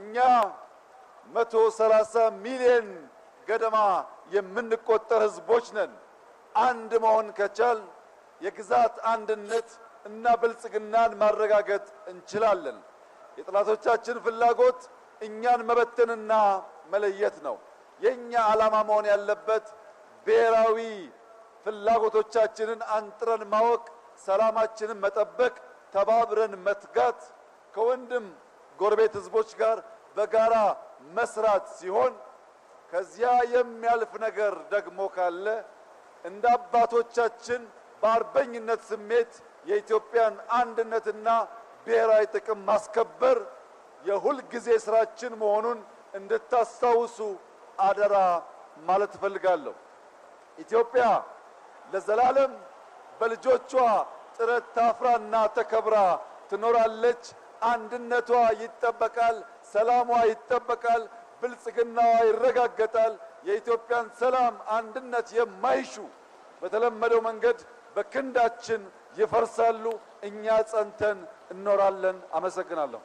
እኛ መቶ ሰላሳ ሚሊዮን ገደማ የምንቆጠር ህዝቦች ነን። አንድ መሆን ከቻል የግዛት አንድነት እና ብልጽግናን ማረጋገጥ እንችላለን። የጠላቶቻችን ፍላጎት እኛን መበተንና መለየት ነው። የኛ ዓላማ መሆን ያለበት ብሔራዊ ፍላጎቶቻችንን አንጥረን ማወቅ፣ ሰላማችንን መጠበቅ፣ ተባብረን መትጋት ከወንድም ጎረቤት ህዝቦች ጋር በጋራ መስራት ሲሆን ከዚያ የሚያልፍ ነገር ደግሞ ካለ እንደ አባቶቻችን በአርበኝነት ስሜት የኢትዮጵያን አንድነትና ብሔራዊ ጥቅም ማስከበር የሁል ጊዜ ስራችን መሆኑን እንድታስታውሱ አደራ ማለት እፈልጋለሁ። ኢትዮጵያ ለዘላለም በልጆቿ ጥረት ታፍራና ተከብራ ትኖራለች። አንድነቷ ይጠበቃል፣ ሰላሟ ይጠበቃል፣ ብልጽግናዋ ይረጋገጣል። የኢትዮጵያን ሰላም አንድነት የማይሹ በተለመደው መንገድ በክንዳችን ይፈርሳሉ። እኛ ጸንተን እኖራለን። አመሰግናለሁ።